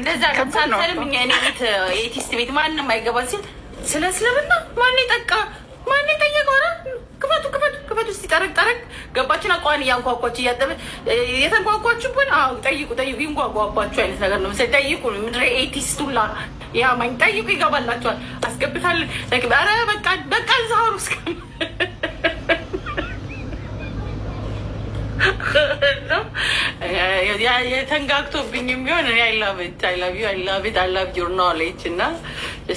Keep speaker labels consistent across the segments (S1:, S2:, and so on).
S1: እንደዛ ሳልሰርም እኛ እኔ ቤት የቲስት ቤት ማንም አይገባም ሲል ስለ እስልምና ማን ጠቃ ማን ጠየቀ? ኧረ ክፈቱ ክፈቱ ክፈቱ እስኪ ጠረግ ጠረግ ገባችን አቋን እያንኳኳች እያጠበ የተንኳኳችሁብን ጠይቁ ጠይቁ ይንጓጓባችሁ አይነት ነገር ነው። ጠይቁ ምድረ ኤቲስት ሁላ ያማኝ ጠይቁ ይገባላቸዋል። አስገብታለን ኧረ በቃ በቃ ዛሩ እስከ የተንጋግቶብኝ ቢሆን እኔ አይላቤት አይላቢ አይላቤት ዩር ኖሌጅ እና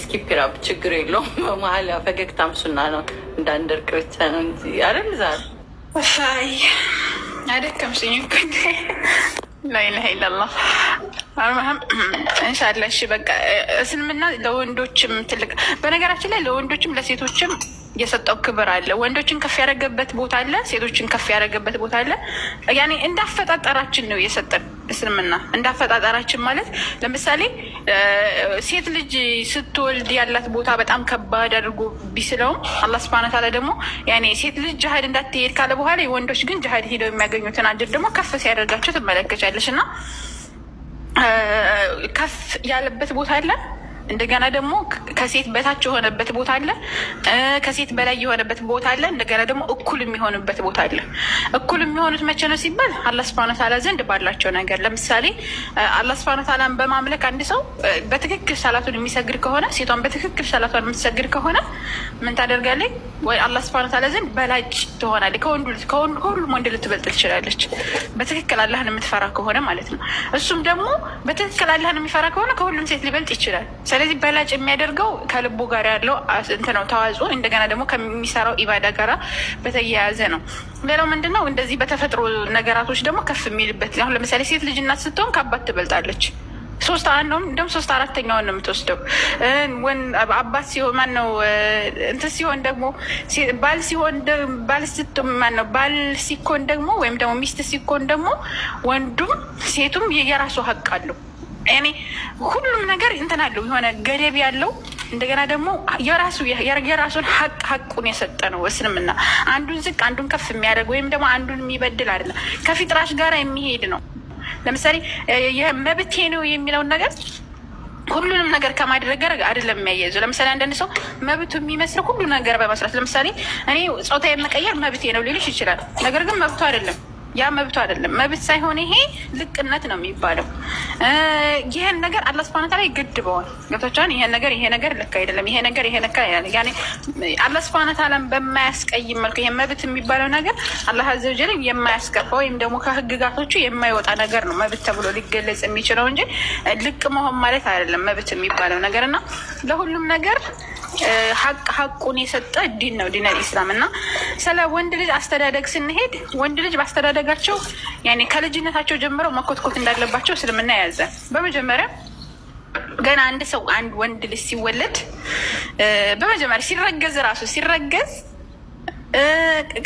S1: ስኪፒራፕ ችግር የለውም። በመሀል ፈገግታም ሱና ነው እንዳንድ እርቅርቻ ነው እንጂ አይደል ዛሬ አደከምሽኝ እኮ ላኢላሀ ኢለላህ እንሻላ። እሺ በቃ እስልምና ለወንዶችም ትልቅ በነገራችን ላይ ለወንዶችም ለሴቶችም የሰጠው ክብር አለ። ወንዶችን ከፍ ያደረገበት ቦታ አለ፣ ሴቶችን ከፍ ያደረገበት ቦታ አለ። ያኔ እንዳፈጣጠራችን ነው የሰጠን እስልምና። እንዳፈጣጠራችን ማለት ለምሳሌ ሴት ልጅ ስትወልድ ያላት ቦታ በጣም ከባድ አድርጎ ቢስለውም አላህ ሱብሃነሁ ወተዓላ ደግሞ ያኔ ሴት ልጅ ጃሀድ እንዳትሄድ ካለ በኋላ የወንዶች ግን ጃሀድ ሄደው የሚያገኙትን አጅር ደግሞ ከፍ ሲያደርጋቸው ትመለከቻለች። እና ከፍ ያለበት ቦታ አለ እንደገና ደግሞ ከሴት በታች የሆነበት ቦታ አለ፣ ከሴት በላይ የሆነበት ቦታ አለ። እንደገና ደግሞ እኩል የሚሆንበት ቦታ አለ። እኩል የሚሆኑት መቼ ነው ሲባል አላህ ሱብሃነሁ ወተዓላ ዘንድ ባላቸው ነገር። ለምሳሌ አላህ ሱብሃነሁ ወተዓላን በማምለክ አንድ ሰው በትክክል ሰላቱን የሚሰግድ ከሆነ ሴቷን በትክክል ሰላቷን የምትሰግድ ከሆነ ምን ታደርጋለች? ወይ አላህ ስብሐነ ተዓላ ዘንድ በላጭ ትሆናለች። ከሁሉም ወንድ ልትበልጥ ትችላለች። በትክክል አላህን የምትፈራ ከሆነ ማለት ነው። እሱም ደግሞ በትክክል አላህን የሚፈራ ከሆነ ከሁሉም ሴት ሊበልጥ ይችላል። ስለዚህ በላጭ የሚያደርገው ከልቡ ጋር ያለው እንትን ነው ተዋጽኦ፣ እንደገና ደግሞ ከሚሰራው ኢባዳ ጋር በተያያዘ ነው። ሌላው ምንድን ነው? እንደዚህ በተፈጥሮ ነገራቶች ደግሞ ከፍ የሚልበት አሁን ለምሳሌ ሴት ልጅ እናት ስትሆን ከአባት ትበልጣለች። ሶስት ነው እንደውም ሶስት አራተኛውን ነው የምትወስደው። ወን አባት ሲሆን ማን ነው እንትን ሲሆን ደግሞ ባል ሲሆን ባል ስት ማን ነው ባል ሲኮን ደግሞ ወይም ደግሞ ሚስት ሲኮን ደግሞ ወንዱም ሴቱም የራሱ ሀቅ አለው። እኔ ሁሉም ነገር እንትን አለው የሆነ ገደብ ያለው እንደገና ደግሞ የራሱ የራሱን ሀቅ ሀቁን የሰጠ ነው እስልምና። አንዱን ዝቅ አንዱን ከፍ የሚያደርግ ወይም ደግሞ አንዱን የሚበድል አይደለም፣ ከፊጥራሽ ጋር የሚሄድ ነው። ለምሳሌ መብቴ ነው የሚለውን ነገር ሁሉንም ነገር ከማድረግ ጋር አይደለም የሚያያይዘው። ለምሳሌ አንዳንድ ሰው መብቱ የሚመስለው ሁሉ ነገር በመስራት ለምሳሌ እኔ ጾታ የመቀየር መብቴ ነው ሊልሽ ይችላል። ነገር ግን መብቱ አይደለም። ያ መብቱ አይደለም። መብት ሳይሆን ይሄ ልቅነት ነው የሚባለው። ይሄን ነገር አላህ ሱብሃነሁ ተዓላ ይገድበዋል። ገብቶቻን ይሄን ነገር ይሄ ነገር ልክ አይደለም፣ ይሄ ነገር ይሄ ልክ አይደለም። ያኔ አላህ ሱብሃነሁ ተዓላን በማያስቀይም መልኩ ይሄ መብት የሚባለው ነገር አላህ አዘወጀል የማያስገባ ወይም ደግሞ ከህግጋቶቹ የማይወጣ ነገር ነው መብት ተብሎ ሊገለጽ የሚችለው እንጂ ልቅ መሆን ማለት አይደለም መብት የሚባለው ነገር እና ለሁሉም ነገር ሀቅ ሀቁን የሰጠ ዲን ነው ዲነል ኢስላም። እና ስለ ወንድ ልጅ አስተዳደግ ስንሄድ ወንድ ልጅ በአስተዳደጋቸው ያኔ ከልጅነታቸው ጀምረው መኮትኮት እንዳለባቸው እስልምና የያዘ በመጀመሪያ ገና አንድ ሰው አንድ ወንድ ልጅ ሲወለድ በመጀመሪያ ሲረገዝ ራሱ ሲረገዝ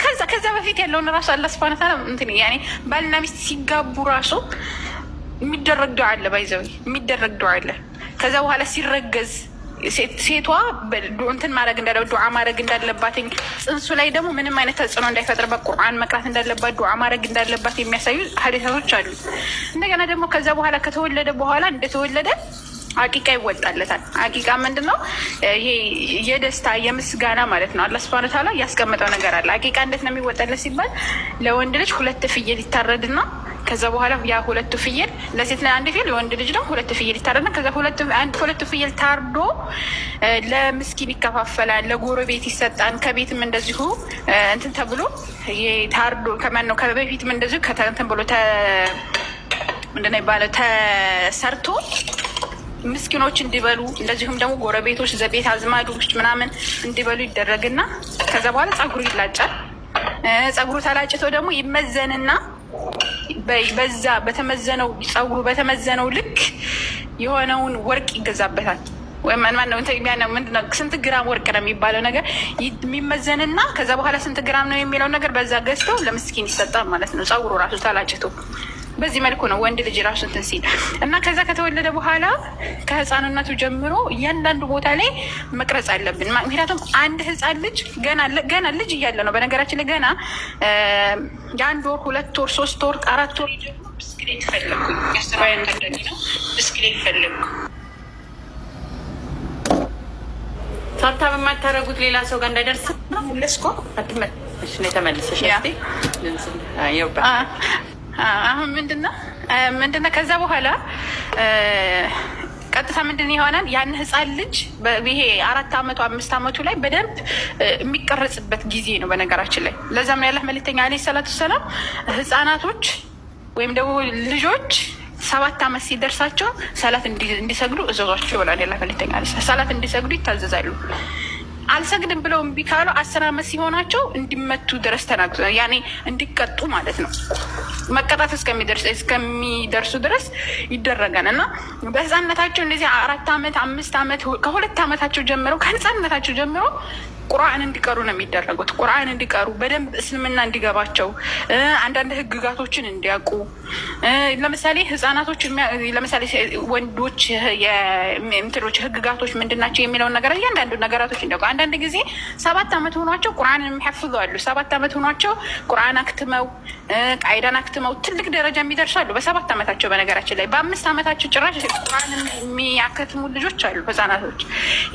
S1: ከዛ ከዛ በፊት ያለውን ራሱ አላህ ሱብሃነሁ ወተዓላ እንትን ያኔ ባልና ሚስት ሲጋቡ ራሱ የሚደረግ ዱዓ አለ ባይዘው የሚደረግ ዱዓ አለ። ከዛ በኋላ ሲረገዝ ሴቷ እንትን ማድረግ እንዳለ ዱዓ ማድረግ እንዳለባት ጽንሱ ላይ ደግሞ ምንም አይነት ተጽዕኖ እንዳይፈጥርበት ቁርአን መቅራት እንዳለባት ዱዓ ማድረግ እንዳለባት የሚያሳዩ ሀዲሳቶች አሉ። እንደገና ደግሞ ከዛ በኋላ ከተወለደ በኋላ እንደተወለደ አቂቃ ይወጣለታል። አቂቃ ምንድን ነው? ይሄ የደስታ የምስጋና ማለት ነው። አላህ ሱብሃነሁ ወተዓላ ያስቀመጠው ነገር አለ። አቂቃ እንዴት ነው የሚወጣለት ሲባል ለወንድ ልጅ ሁለት ፍየል ይታረድና ከዛ በኋላ ያ ሁለቱ ፍየል ለሴት ላይ አንድ ፍየል ወንድ ልጅ ነው ሁለት ፍየል ይታረና ከዛ ሁለቱ ፍየል ታርዶ ለምስኪን ይከፋፈላል፣ ለጎረቤት ይሰጣል። ከቤትም እንደዚሁ እንትን ተብሎ ታርዶ ከማን ነው ከበፊትም እንደዚሁ ከተንትን ብሎ ምንድነው ይባለው ተሰርቶ ምስኪኖች እንዲበሉ እንደዚሁም ደግሞ ጎረቤቶች፣ ዘቤት አዝማዶች ምናምን እንዲበሉ ይደረግና ከዛ በኋላ ፀጉሩ ይላጫል። ፀጉሩ ተላጭቶ ደግሞ ይመዘንና በዛ በተመዘነው ፀጉሩ በተመዘነው ልክ የሆነውን ወርቅ ይገዛበታል። ስንት ግራም ወርቅ ነው የሚባለው ነገር የሚመዘንና ከዛ በኋላ ስንት ግራም ነው የሚለው ነገር በዛ ገዝተው ለምስኪን ይሰጣል ማለት ነው። ፀጉሩ ራሱ ተላጭቶ በዚህ መልኩ ነው ወንድ ልጅ ራሱ እንትን ሲል እና ከዛ ከተወለደ በኋላ ከህፃንነቱ ጀምሮ እያንዳንዱ ቦታ ላይ መቅረጽ አለብን። ምክንያቱም አንድ ህፃን ልጅ ገና ልጅ እያለ ነው በነገራችን ላይ ገና የአንድ ወር ሁለት ወር ሶስት ወር አራት ወር ብስክሌት ፈለግኩ ነው ብስክሌት ፈለግኩ ታታ በማታረጉት ሌላ ሰው ጋር እንዳይደርስ ለስኮ አትመለሽ ነው የተመለሰሽ ስ አሁን ምንድነው ምንድነው ከዛ በኋላ ቀጥታ ምንድን ይሆናል? ያን ህፃን ልጅ ይሄ አራት አመቱ አምስት አመቱ ላይ በደንብ የሚቀረጽበት ጊዜ ነው። በነገራችን ላይ ለዛም ነው ያላህ መልክተኛ አለ ሰላቱ ሰላም ህፃናቶች ወይም ደግሞ ልጆች ሰባት አመት ሲደርሳቸው ሰላት እንዲሰግዱ እዘዟቸው ይሆናል ያላህ መልክተኛ ሰላት እንዲሰግዱ ይታዘዛሉ። አልሰግድም ብለው እምቢ ካሉ አስር አመት ሲሆናቸው እንዲመቱ ድረስ ተናግ ያኔ እንዲቀጡ ማለት ነው። መቀጣት እስከሚደርሱ ድረስ ይደረጋል እና በህፃነታቸው እንደዚህ አራት ዓመት አምስት ዓመት ከሁለት ዓመታቸው ጀምረው ከህፃነታቸው ጀምሮ ቁርአን እንዲቀሩ ነው የሚደረጉት። ቁርአን እንዲቀሩ በደንብ እስልምና እንዲገባቸው አንዳንድ ህግጋቶችን እንዲያውቁ ለምሳሌ ህጻናቶች ለምሳሌ ወንዶች የምትሎች ህግጋቶች ናቸው የሚለውን ነገር እያንዳንዱ ነገራቶች እንዲያውቁ አንዳንድ ጊዜ ሰባት ዓመት ሆኗቸው ቁርአን የሚያፍዙ አሉ። ሰባት ዓመት ሆኗቸው ቁርአን አክትመው ቃይዳን አክትመው ትልቅ ደረጃ የሚደርሱ አሉ። በሰባት ዓመታቸው በነገራችን ላይ በአምስት ዓመታቸው ጭራሽ ቁርአን የሚያከትሙ ልጆች አሉ ህጻናቶች።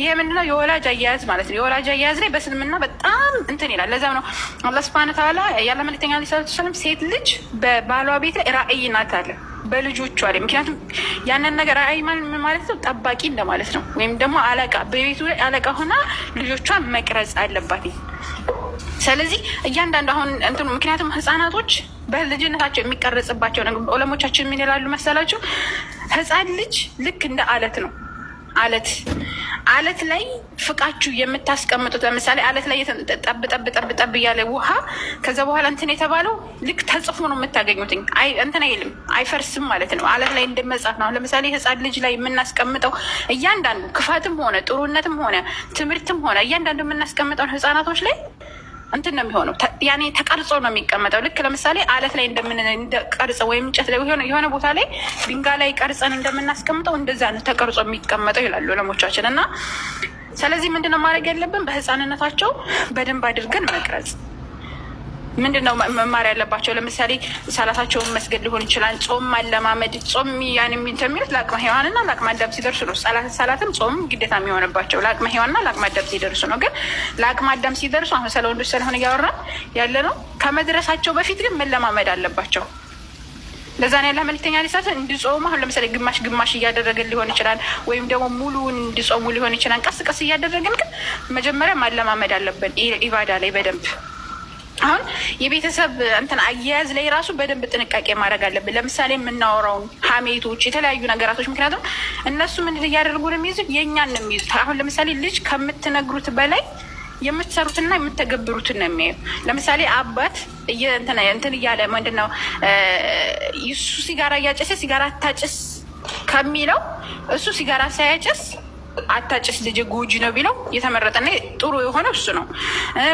S1: ይሄ ምንድነው የወላጅ አያያዝ ማለት ነው። የወላጅ አያያዝ በዚህ በእስልምና በጣም እንትን ይላል። ለዚያም ነው አላህ ስብሐነ ተዓላ ያለ ሊሰ ሰለም ሴት ልጅ በባሏ ቤት ራእይ ናት አለ በልጆቹ አለ። ምክንያቱም ያንን ነገር ራእይ ማለት ነው ጠባቂ እንደማለት ነው። ወይም ደግሞ አለቃ፣ በቤቱ ላይ አለቃ ሆና ልጆቿን መቅረጽ አለባት። ስለዚህ እያንዳንዱ አሁን እንትኑ ምክንያቱም ህፃናቶች በልጅነታቸው የሚቀረጽባቸው ዑለሞቻችን ምን ይላሉ መሰላቸው? ህፃን ልጅ ልክ እንደ አለት ነው አለት አለት ላይ ፍቃችሁ የምታስቀምጡት ለምሳሌ አለት ላይ ጠብጠብጠብጠብ እያለ ውሃ ከዛ በኋላ እንትን የተባለው ልክ ተጽፎ ነው የምታገኙትኝ። እንትን አይልም አይፈርስም ማለት ነው። አለት ላይ እንደመጻፍ ነው። ለምሳሌ ሕፃን ልጅ ላይ የምናስቀምጠው እያንዳንዱ ክፋትም ሆነ ጥሩነትም ሆነ ትምህርትም ሆነ እያንዳንዱ የምናስቀምጠውን ሕፃናቶች ላይ እንትን ነው የሚሆነው። ያኔ ተቀርጾ ነው የሚቀመጠው። ልክ ለምሳሌ አለት ላይ እንደምንቀርጽ ወይም እንጨት ላይ የሆነ ቦታ ላይ ድንጋይ ላይ ቀርጸን እንደምናስቀምጠው እንደዚያ ነው ተቀርጾ የሚቀመጠው ይላሉ ለሞቻችን እና ስለዚህ ምንድነው ማድረግ ያለብን? በህፃንነታቸው በደንብ አድርገን መቅረጽ ምንድን ነው መማር ያለባቸው? ለምሳሌ ሰላታቸውን መስገድ ሊሆን ይችላል። ጾም ማለማመድ ጾም ያን የሚንትን የሚሉት ለአቅመ ሔዋንና ለአቅመ አዳም ሲደርሱ ነው። ሰላትም ጾም ግዴታ የሚሆንባቸው ለአቅመ ሔዋንና ለአቅመ አዳም ሲደርሱ ነው። ግን ለአቅመ አዳም ሲደርሱ አሁን ስለ ወንዶች ስለሆነ እያወራ ያለ ነው። ከመድረሳቸው በፊት ግን መለማመድ አለባቸው። ለዛ ነው ያለ መልክተኛ ሊሳት እንዲጾሙ አሁን ለምሳሌ ግማሽ ግማሽ እያደረገ ሊሆን ይችላል፣ ወይም ደግሞ ሙሉውን እንዲጾሙ ሊሆን ይችላል። ቀስ ቀስ እያደረግን ግን መጀመሪያ ማለማመድ አለብን ኢባዳ ላይ በደንብ አሁን የቤተሰብ እንትን አያያዝ ላይ ራሱ በደንብ ጥንቃቄ ማድረግ አለብን። ለምሳሌ የምናወራውን ሀሜቶች፣ የተለያዩ ነገራቶች ምክንያቱም እነሱ ምን እያደርጉ ነው የሚይዙት? የእኛን ነው የሚይዙት። አሁን ለምሳሌ ልጅ ከምትነግሩት በላይ የምትሰሩትና የምትገብሩትን ነው የሚያዩ። ለምሳሌ አባት እንትን እያለ ምንድን ነው እሱ ሲጋራ እያጨሰ ሲጋራ አታጭስ ከሚለው እሱ ሲጋራ ሳያጭስ አታጭስ ልጅ ጎጂ ነው ቢለው የተመረጠና ጥሩ የሆነ እሱ ነው።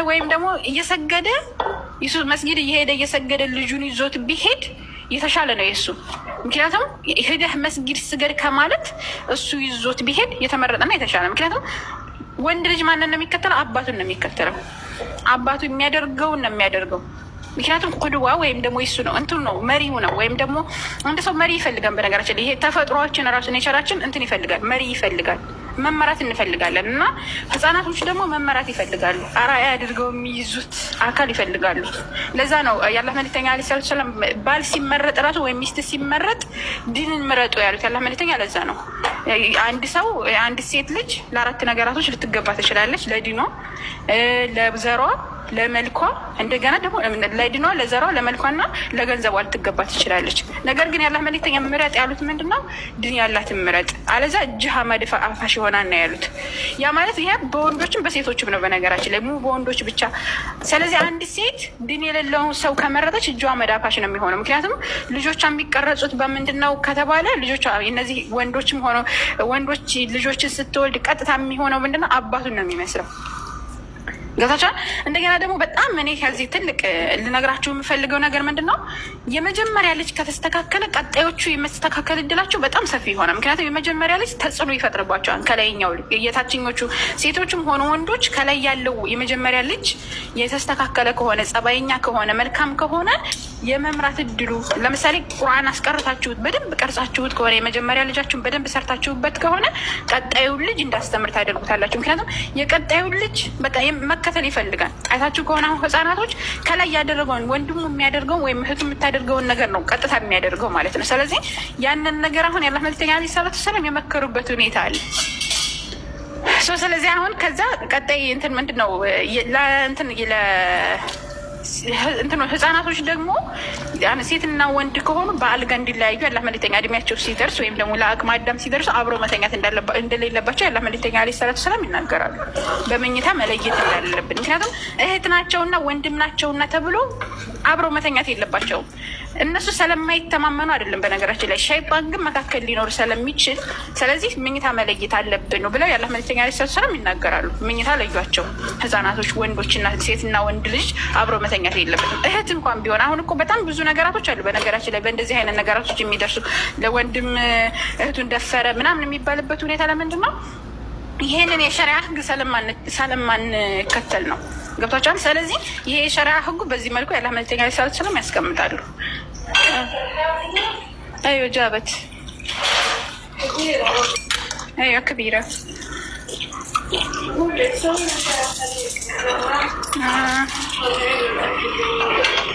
S1: ወይም ደግሞ እየሰገደ መስጊድ እየሄደ እየሰገደ ልጁን ይዞት ቢሄድ የተሻለ ነው የእሱ። ምክንያቱም ሄደህ መስጊድ ስገድ ከማለት እሱ ይዞት ቢሄድ የተመረጠና የተሻለ ምክንያቱም ወንድ ልጅ ማንን ነው የሚከተለው? አባቱን ነው የሚከተለው። አባቱ የሚያደርገውን ነው የሚያደርገው። ምክንያቱም ቁድዋ ወይም ደግሞ ይሱ ነው እንትኑ ነው መሪው ነው። ወይም ደግሞ አንድ ሰው መሪ ይፈልጋል። በነገራችን ይሄ ተፈጥሯችን ራሱ ኔቸራችን እንትን ይፈልጋል፣ መሪ ይፈልጋል። መመራት እንፈልጋለን እና ህጻናቶች ደግሞ መመራት ይፈልጋሉ። አራያ አድርገው የሚይዙት አካል ይፈልጋሉ። ለዛ ነው የአላህ መልክተኛ ዐለይሂ ሰላቱ ባል ሲመረጥ ራሱ ወይም ሚስት ሲመረጥ ዲንን ምረጡ ያሉት የአላህ መልክተኛ። ለዛ ነው አንድ ሰው አንድ ሴት ልጅ ለአራት ነገራቶች ልትገባ ትችላለች፣ ለዲኗ፣ ለዘሯ ለመልኳ እንደገና ደግሞ ለድኗ፣ ለዘሯ፣ ለመልኳና ለገንዘቧ ልትገባ ትችላለች። ነገር ግን ያላህ መልክተኛ ምረጥ ያሉት ምንድን ነው? ድን ያላትን ምረጥ፣ አለዛ እጅህ መድፋ አፋሽ ይሆናል ያሉት። ያ ማለት ይሄ በወንዶችም በሴቶችም ነው በነገራችን ላይ በወንዶች ብቻ። ስለዚህ አንድ ሴት ድን የሌለውን ሰው ከመረጠች እጇ መዳፋሽ ነው የሚሆነው። ምክንያቱም ልጆቿ የሚቀረጹት በምንድን ነው ከተባለ ልጆቿ እነዚህ ወንዶችም ሆነ ወንዶች ልጆችን ስትወልድ ቀጥታ የሚሆነው ምንድነው? አባቱን ነው የሚመስለው ገዛቻ እንደገና ደግሞ በጣም እኔ ከዚህ ትልቅ ልነግራችሁ የምፈልገው ነገር ምንድን ነው፣ የመጀመሪያ ልጅ ከተስተካከለ ቀጣዮቹ የመስተካከል እድላቸው በጣም ሰፊ ሆነ። ምክንያቱም የመጀመሪያ ልጅ ተጽዕኖ ይፈጥርባቸዋል። ከላይኛው የታችኞቹ ሴቶችም ሆኑ ወንዶች፣ ከላይ ያለው የመጀመሪያ ልጅ የተስተካከለ ከሆነ ጸባይኛ ከሆነ መልካም ከሆነ የመምራት እድሉ ለምሳሌ ቁርአን አስቀርታችሁት በደንብ ቀርጻችሁት ከሆነ የመጀመሪያ ልጃችሁን በደንብ ሰርታችሁበት ከሆነ ቀጣዩን ልጅ እንዳስተምር ታደርጉታላችሁ። ምክንያቱም የቀጣዩን ልጅ መከተል ይፈልጋል። አይታችሁ ከሆነ አሁን ህጻናቶች ከላይ ያደረገውን ወንድሙ የሚያደርገውን ወይም እህቱ የምታደርገውን ነገር ነው ቀጥታ የሚያደርገው ማለት ነው። ስለዚህ ያንን ነገር አሁን ያላ መልክተኛ ላ ሰላት የመከሩበት ሁኔታ አለ። ስለዚህ አሁን ከዛ ቀጣይ እንትን ምንድን ነው ህጻናቶች ደግሞ ሴትና ወንድ ከሆኑ በአልጋ እንዲለያዩ ያላህ መልክተኛ እድሜያቸው ሲደርስ ወይም ደግሞ ለአቅመ አዳም ሲደርሱ አብሮ መተኛት እንደሌለባቸው ያላህ መልክተኛ ዓለይሂ ሰላቱ ሰላም ይናገራሉ። በመኝታ መለየት እንዳለብን፣ ምክንያቱም እህት ናቸውና ወንድም ናቸውና ተብሎ አብሮ መተኛት የለባቸውም። እነሱ ስለማይተማመኑ አይደለም። በነገራችን ላይ ሸይጣን ግን መካከል ሊኖር ስለሚችል ስለዚህ ምኝታ መለየት አለብን ብለው ያለ መለተኛ ላይ ሰላም ይናገራሉ። ምኝታ ለዩቸው ህጻናቶች፣ ወንዶችና ሴትና ወንድ ልጅ አብሮ መተኛት የለበትም። እህት እንኳን ቢሆን አሁን እኮ በጣም ብዙ ነገራቶች አሉ። በነገራችን ላይ በእንደዚህ አይነት ነገራቶች የሚደርሱ ለወንድም እህቱን ደፈረ ምናምን የሚባልበት ሁኔታ ለምንድን ነው? ይህንን የሸሪያ ህግ ሰለማንከተል ነው። ገብቷቸዋል። ስለዚህ ይሄ የሸሪያ ህጉ በዚህ መልኩ ያለ መልክተኛ ላይ ሰላም ያስቀምጣሉ። ايوه جابت ايوه كبيرة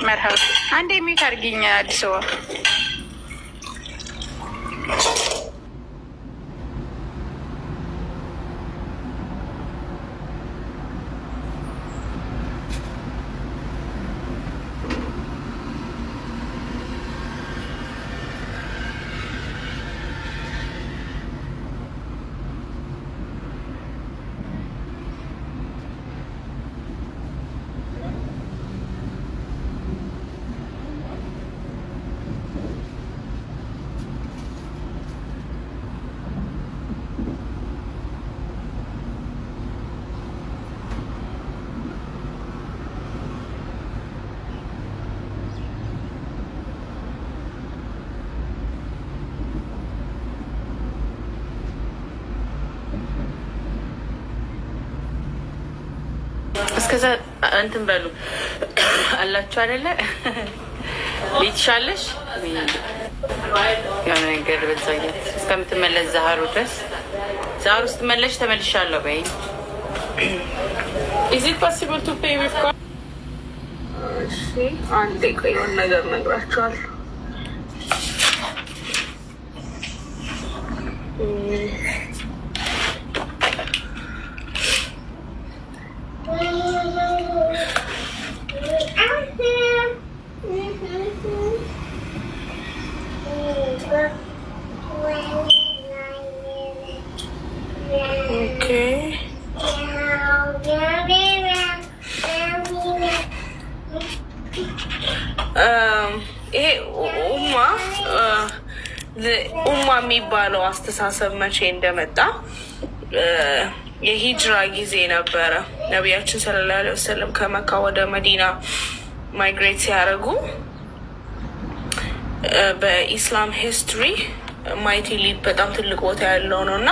S1: مرحبا عندي ميت ارجينيا እስከዛ እንትን በሉ አላችሁ አይደለ? ሊትሻለሽ የሆነ ነገር በዛየት እስከምትመለስ ዛሀሩ ድረስ ዛሀሩ ስትመለሽ ተመልሻለሁ በይ። ኢዝ ኢት ፖሲብል ቱ ፔይ ዊዝ ካርድ? እሺ አንዴ ነገር ነግራችኋለሁ። Um, uh, ኡማ የሚባለው አስተሳሰብ መቼ እንደመጣ uh, የሂጅራ ጊዜ ነበረ። ነቢያችን ሰለላሁ ዓለይሂ ወሰለም ከመካ ወደ መዲና ማይግሬት ሲያደርጉ በኢስላም ሂስትሪ ማይቲ ሊድ በጣም ትልቅ ቦታ ያለው ነው እና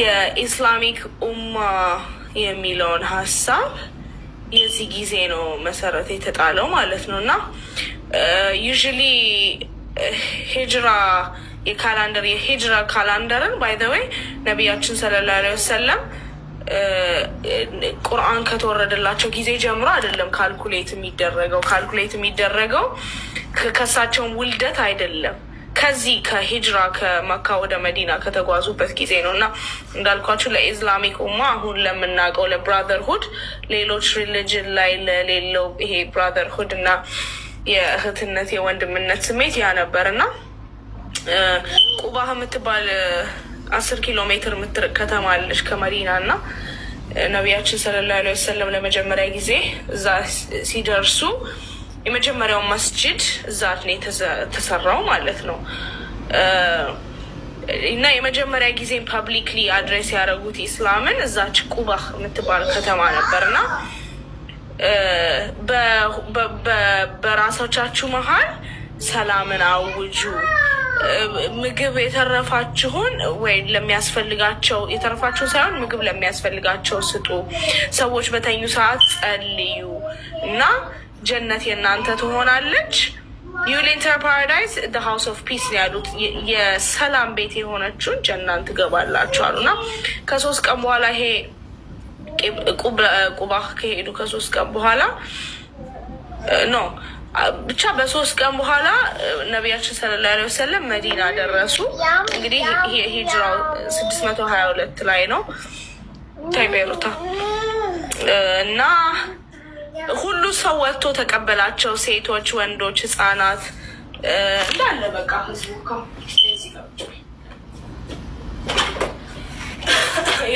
S1: የኢስላሚክ ኡማ የሚለውን ሀሳብ የዚህ ጊዜ ነው መሰረት የተጣለው ማለት ነው እና ዩዥሊ ሂጅራ የካላንደር የሂጅራ ካላንደርን ባይዘወይ ነቢያችን ሰለላሁ ዐለይሂ ወሰለም ቁርአን ከተወረደላቸው ጊዜ ጀምሮ አይደለም ካልኩሌት የሚደረገው። ካልኩሌት የሚደረገው ከሳቸውን ውልደት አይደለም ከዚህ ከሂጅራ ከመካ ወደ መዲና ከተጓዙበት ጊዜ ነው። እና እንዳልኳችሁ ለኢስላሚክ ኡማ አሁን ለምናውቀው ለብራዘርሁድ፣ ሌሎች ሪሊጅን ላይ ለሌለው ይሄ ብራዘርሁድ እና የእህትነት የወንድምነት ስሜት ያ ነበር እና ቁባ የምትባል አስር ኪሎ ሜትር የምትርቅ ከተማ አለች ከመዲና እና ነቢያችን ሰለላሁ ዐለይሂ ወሰለም ለመጀመሪያ ጊዜ እዛ ሲደርሱ የመጀመሪያው መስጅድ እዛ ነው የተሰራው ማለት ነው። እና የመጀመሪያ ጊዜን ፐብሊክሊ አድሬስ ያደረጉት ኢስላምን እዛች ቁባ የምትባል ከተማ ነበር እና በራሶቻችሁ መሀል ሰላምን አውጁ ምግብ የተረፋችሁን ወይ ለሚያስፈልጋቸው የተረፋችሁን ሳይሆን ምግብ ለሚያስፈልጋቸው ስጡ። ሰዎች በተኙ ሰዓት ጸልዩ እና ጀነት የእናንተ ትሆናለች። ዩ ዊል ኢንተር ፓራዳይዝ ዘ ሃውስ ኦፍ ፒስ ነው ያሉት። የሰላም ቤት የሆነችውን ጀናን ትገባላችሁ አሉ እና ከሶስት ቀን በኋላ ይሄ ቁባ ከሄዱ ከሶስት ቀን በኋላ ነው ብቻ በሶስት ቀን በኋላ ነቢያችን ሰለላሁ ዐለይሂ ወሰለም መዲና ደረሱ። እንግዲህ ሂጅራው ስድስት መቶ ሀያ ሁለት ላይ ነው ታይቤሩታ እና ሁሉ ሰው ወጥቶ ተቀበላቸው። ሴቶች፣ ወንዶች፣ ህጻናት እንዳለ በቃ ህዝቡ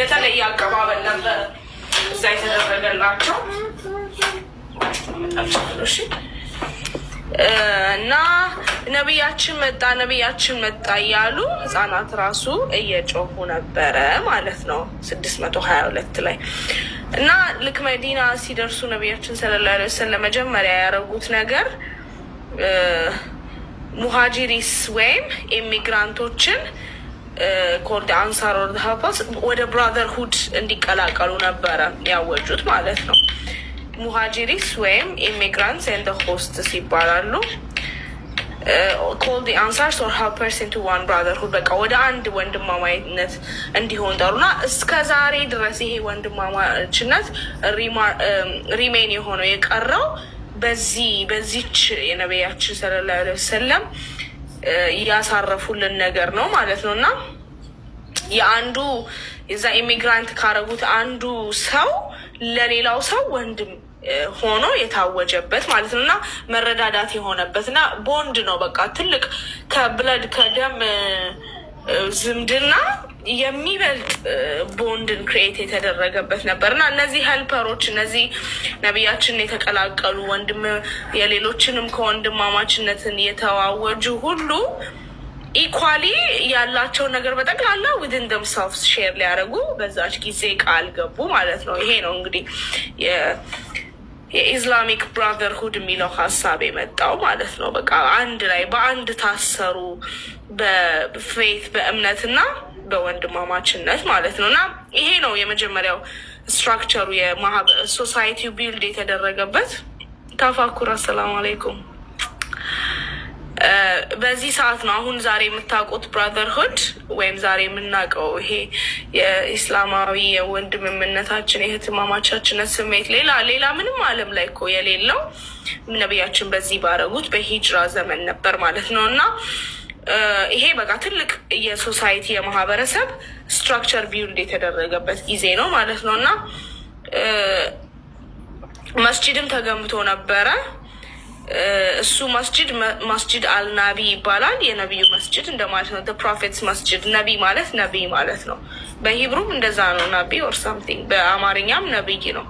S1: የተለየ አቀባበል ነበር እዛ የተደረገላቸው። እና ነቢያችን መጣ ነቢያችን መጣ እያሉ ህጻናት ራሱ እየጮሁ ነበረ ማለት ነው። ስድስት መቶ ሀያ ሁለት ላይ እና ልክ መዲና ሲደርሱ ነቢያችን ሰለላሁ ዐለይሂ ወሰለም መጀመሪያ ያደረጉት ነገር ሙሃጂሪስ ወይም ኢሚግራንቶችን ኮርድ አንሳር ወደ ብራዘርሁድ እንዲቀላቀሉ ነበረ ያወጁት ማለት ነው። ሙሃጂሪስ ወይም ኢሚግራንትስ ኤንድ ሆስትስ ይባላሉ። ኮል አንሳርስ ኦር ሀፐርስ ኢንቱ ዋን ብራዘርሁድ በቃ ወደ አንድ ወንድማማችነት እንዲሆን ጠሩና እስከ ዛሬ ድረስ ይሄ ወንድማማችነት ሪሜን የሆነው የቀረው በዚህ በዚች የነቢያችን ሰለላሁ ዐለይሂ ወሰለም እያሳረፉልን ነገር ነው ማለት ነው እና የአንዱ የዛ ኢሚግራንት ካረጉት አንዱ ሰው ለሌላው ሰው ወንድም ሆኖ የታወጀበት ማለት ነው እና መረዳዳት የሆነበት እና ቦንድ ነው በቃ ትልቅ ከብለድ ከደም ዝምድና የሚበልጥ ቦንድን ክሬት የተደረገበት ነበር እና እነዚህ ሄልፐሮች እነዚህ ነቢያችንን የተቀላቀሉ ወንድም የሌሎችንም ከወንድማማችነትን የተዋወጁ ሁሉ ኢኳሊ ያላቸው ነገር በጠቅላላ ዊድን ደምሳልቭስ ሼር ሊያደርጉ በዛች ጊዜ ቃል ገቡ ማለት ነው። ይሄ ነው እንግዲህ የኢስላሚክ ብራዘርሁድ የሚለው ሀሳብ የመጣው ማለት ነው። በቃ አንድ ላይ በአንድ ታሰሩ በፌት በእምነትና በወንድማማችነት ማለት ነው። እና ይሄ ነው የመጀመሪያው ስትራክቸሩ ሶሳይቲ ቢልድ የተደረገበት። ታፋኩር አሰላሙ አለይኩም በዚህ ሰዓት ነው አሁን ዛሬ የምታውቁት ብራዘርሁድ ወይም ዛሬ የምናውቀው ይሄ የኢስላማዊ የወንድምምነታችን የህትማማቻችነት ስሜት ሌላ ሌላ ምንም አለም ላይ እኮ የሌለው ነቢያችን በዚህ ባረጉት በሂጅራ ዘመን ነበር ማለት ነው እና ይሄ በቃ ትልቅ የሶሳይቲ የማህበረሰብ ስትራክቸር ቢውልድ የተደረገበት ጊዜ ነው ማለት ነው እና መስጂድም ተገንብቶ ነበረ። እሱ መስጅድ መስጅድ አልናቢ ይባላል። የነቢዩ መስጅድ እንደማለት ነው። ፕሮፌትስ መስጅድ ነቢ ማለት ነቢይ ማለት ነው። በሂብሩም እንደዛ ነው ነቢ ኦር ሳምቲንግ። በአማርኛም ነቢይ ነው።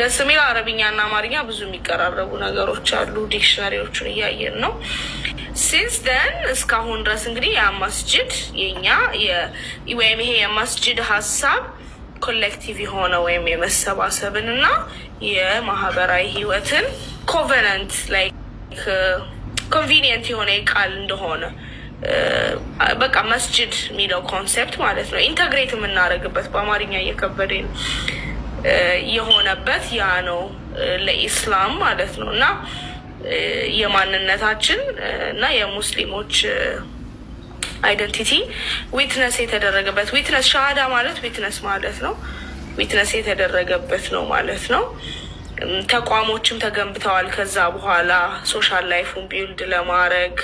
S1: ደስ የሚል አረብኛ አማርኛ ብዙ የሚቀራረቡ ነገሮች አሉ። ዲክሽነሪዎቹን እያየን ነው። ሲንስ ደን እስካሁን ድረስ እንግዲህ ያ መስጅድ የኛ ወይም ይሄ የመስጅድ ሀሳብ ኮሌክቲቭ የሆነ ወይም የመሰባሰብን እና የማህበራዊ ህይወትን ኮቨነንት ላይ ኮንቪኒየንት የሆነ ቃል እንደሆነ በቃ መስጅድ የሚለው ኮንሴፕት ማለት ነው። ኢንተግሬት የምናደርግበት በአማርኛ እየከበደ ነው የሆነበት ያ ነው ለኢስላም ማለት ነው እና የማንነታችን እና የሙስሊሞች አይደንቲቲ ዊትነስ የተደረገበት ዊትነስ ሻሃዳ ማለት ዊትነስ ማለት ነው። ዊትነስ የተደረገበት ነው ማለት ነው። ተቋሞችም ተገንብተዋል። ከዛ በኋላ ሶሻል ላይፉን ቢልድ ለማድረግ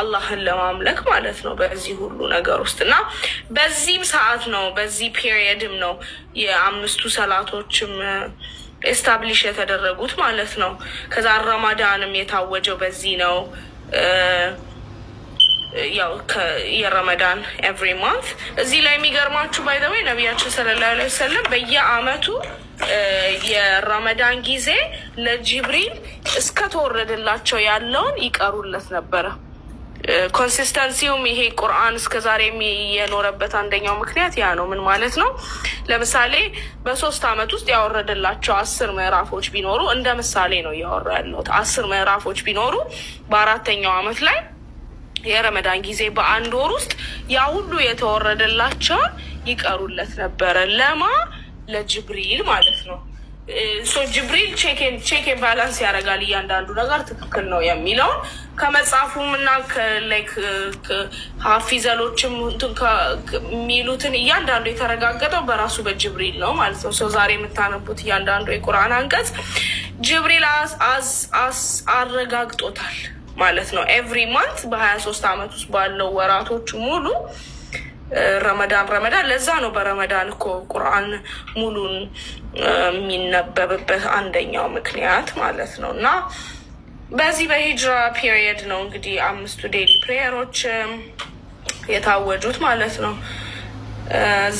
S1: አላህን ለማምለክ ማለት ነው። በዚህ ሁሉ ነገር ውስጥ እና በዚህም ሰዓት ነው በዚህ ፔሪየድም ነው የአምስቱ ሰላቶችም ኤስታብሊሽ የተደረጉት ማለት ነው። ከዛ ረማዳንም የታወጀው በዚህ ነው። ያው የረመዳን ኤቭሪ ማንት እዚህ ላይ የሚገርማችሁ ባይዘወይ ነቢያችን ሰለላሁ ዐለይሂ ወሰለም በየአመቱ የረመዳን ጊዜ ለጅብሪል እስከተወረደላቸው ያለውን ይቀሩለት ነበረ። ኮንሲስተንሲውም ይሄ ቁርአን እስከ ዛሬ የኖረበት አንደኛው ምክንያት ያ ነው። ምን ማለት ነው? ለምሳሌ በሶስት አመት ውስጥ ያወረደላቸው አስር ምዕራፎች ቢኖሩ እንደ ምሳሌ ነው እያወራ ያለሁት። አስር ምዕራፎች ቢኖሩ በአራተኛው አመት ላይ የረመዳን ጊዜ በአንድ ወር ውስጥ ያ ሁሉ የተወረደላቸውን ይቀሩለት ነበረ። ለማ ለጅብሪል ማለት ነው። ሶ ጅብሪል ቼኬን ባላንስ ያደርጋል። እያንዳንዱ ነገር ትክክል ነው የሚለውን ከመጽሐፉም እና ሀፊዘሎችም የሚሉትን እያንዳንዱ የተረጋገጠው በራሱ በጅብሪል ነው ማለት ነው። ሰው ዛሬ የምታነቡት እያንዳንዱ የቁርአን አንቀጽ ጅብሪል አረጋግጦታል። ማለት ነው። ኤቭሪ ማንት በሀያ ሶስት አመት ውስጥ ባለው ወራቶች ሙሉ ረመዳን ረመዳን ለዛ ነው በረመዳን እኮ ቁርአን ሙሉን የሚነበብበት አንደኛው ምክንያት ማለት ነው። እና በዚህ በሂጅራ ፒሪየድ ነው እንግዲህ አምስቱ ዴይሊ ፕሬየሮች የታወጁት ማለት ነው።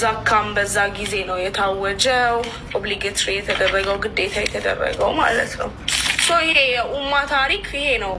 S1: ዛካም በዛ ጊዜ ነው የታወጀው፣ ኦብሊጌትሪ የተደረገው ግዴታ የተደረገው ማለት ነው። ይሄ የኡማ ታሪክ ይሄ ነው።